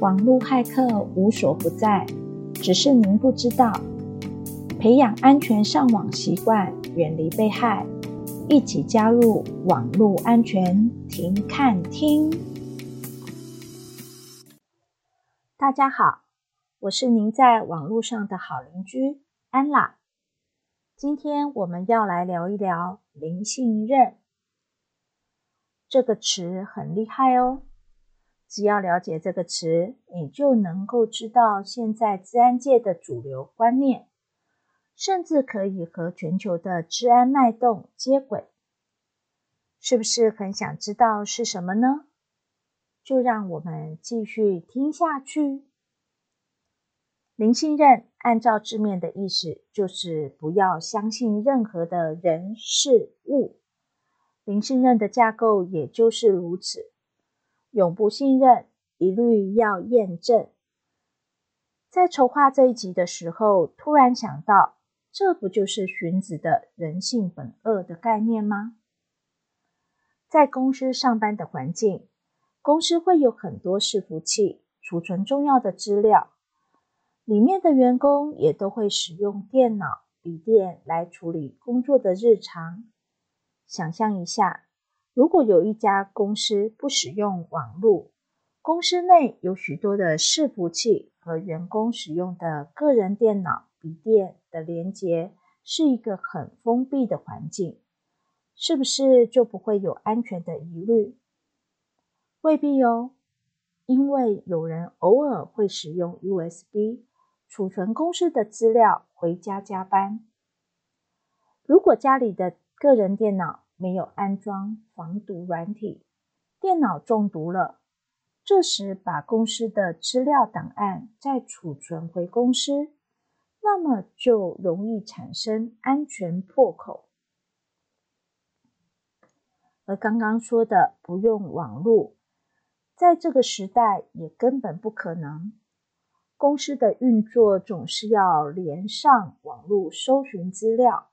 網絡駭客無所不在，只是您不知道。培養安全上網習慣，遠離被害，一起加入網絡安全停看聽。大家好，我是您在網絡上的好鄰居安娜。今天我們要來聊一聊“零信任”這個詞，很厲害哦。只要了解這個詞，你就能夠知道現在資安界的主流觀念，甚至可以和全球的資安脈動接軌。是不是很想知道是什麼呢？就讓我們繼續聽下去。零信任，按照字面的意思，就是不要相信任何的人事物。零信任的架構也就是如此。永不信任，一律要驗證。在籌劃這一集的時候，突然想到，這不就是荀子的“人性本惡”的概念嗎？在公司上班的環境，公司會有很多伺服器儲存重要的資料，裡面的員工也都會使用電腦、筆電來處理工作的日常。想象一下。如果有一家公司不使用網路，公司內有許多的伺服器和員工使用的個人電腦、筆電的連接，是一個很封閉的環境，是不是就不會有安全的疑慮？未必哦，因為有人偶爾會使用 USB 儲存公司的資料回家加班。如果家裡的個人電腦，沒有安裝防毒軟體，電腦中毒了。這時把公司的資料檔案再儲存回公司，那麼就容易產生安全破口。而剛剛說的不用網路，在這個時代也根本不可能。公司的運作總是要連上網路搜尋資料、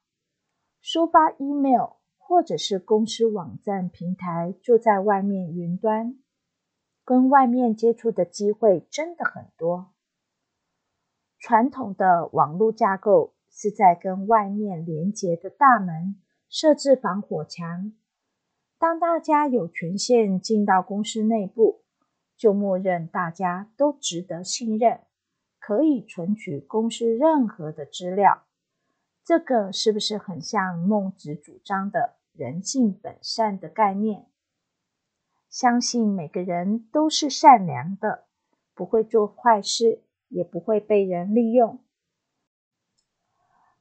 收發 email。或者是公司網站平台住在外面雲端，跟外面接觸的機會真的很多。傳統的網絡架構是在跟外面連接的大門設置防火牆，當大家有權限進到公司內部，就默認大家都值得信任，可以存取公司任何的資料。這個是不是很像孟子主張的人性本善的概念？相信每個人都是善良的，不會做壞事，也不會被人利用。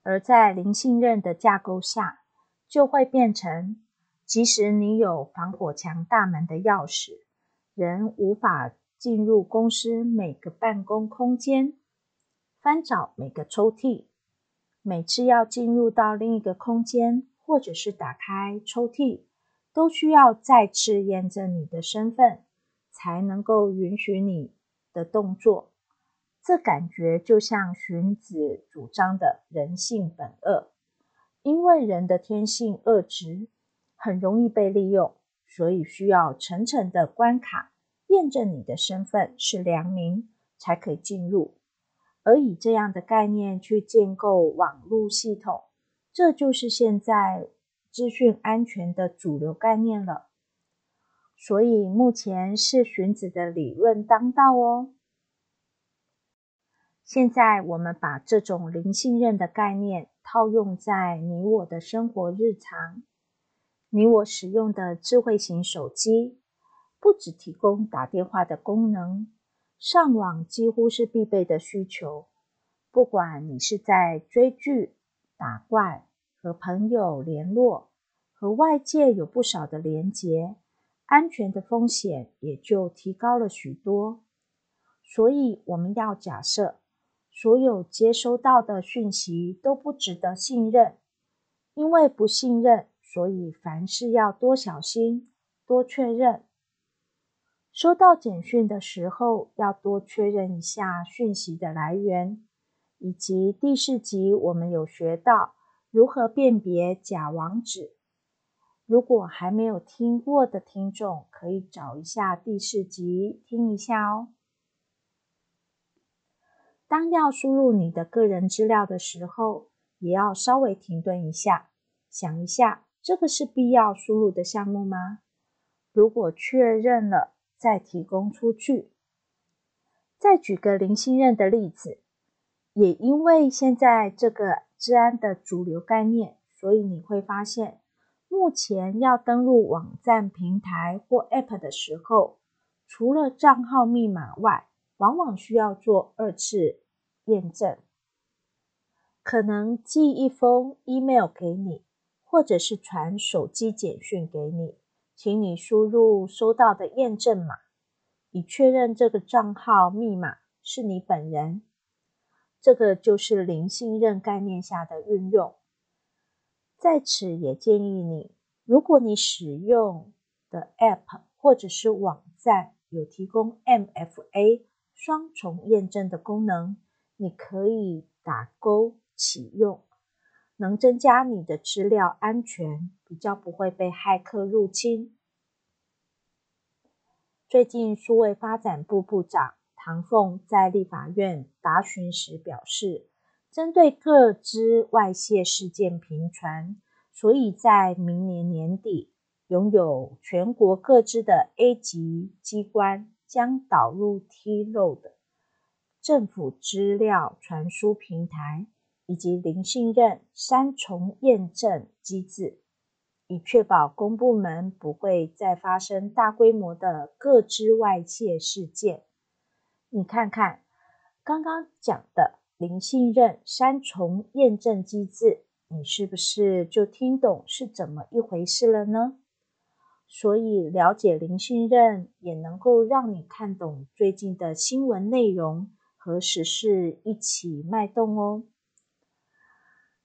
而在零信任的架構下，就會變成，即使你有防火牆大門的鑰匙，仍無法進入公司每個辦公空間，翻找每個抽屜。每次要進入到另一個空間，或者是打開抽屜，都需要再次驗證你的身份，才能夠允許你的動作。這感覺就像荀子主張的人性本惡，因為人的天性惡質，很容易被利用，所以需要層層的關卡，驗證你的身份是良民，才可以進入。而以這樣的概念去建構網絡系統，這就是現在資訊安全的主流概念了。所以目前是荀子的理論當道哦。現在我們把這種零信任的概念套用在你我的生活日常，你我使用的智慧型手機，不只提供打電話的功能。上網幾乎是必備的需求，不管你是在追劇、打怪、和朋友聯絡，和外界有不少的連結，安全的風險也就提高了許多。所以我們要假設，所有接收到的訊息都不值得信任，因為不信任，所以凡事要多小心，多確認。收到簡訊的時候，要多確認一下訊息的來源，以及第四集我們有學到如何辨別假網址。如果還沒有聽過的聽眾，可以找一下第四集聽一下哦。當要輸入你的個人資料的時候，也要稍微停頓一下，想一下這個是必要輸入的項目嗎？如果確認了。再提供出去。再舉個零信任的例子，也因為現在這個資安的主流概念，所以你會發現，目前要登錄網站平台或 App 的時候，除了賬號密碼外，往往需要做二次驗證，可能寄一封 email 給你，或者是傳手機簡訊給你。請你輸入收到的驗證碼，以確認這個賬號密碼是你本人。這個就是零信任概念下的運用。在此也建議你，如果你使用的 App 或者是網站有提供 MFA 雙重驗證的功能，你可以打勾啟用。能增加你的資料安全，比較不會被駭客入侵。最近數位發展部部長唐鳳在立法院答詢時表示，針對個資外泄事件頻傳，所以在明年年底，擁有全國個資的 A 級機關將導入 T-Road 政府資料傳輸平台。以及零信任三重驗證機制，以確保公部門不會再發生大規模的個資外洩事件。你看看剛剛講的零信任三重驗證機制，你是不是就聽懂是怎麼一回事了呢？所以了解零信任，也能夠讓你看懂最近的新聞內容和時事一起脈動哦。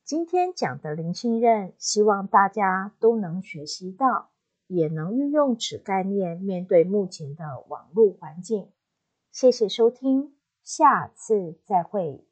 今天講的零信任，希望大家都能學習到，也能運用此概念面對目前的網絡環境。謝謝收聽，下次再會。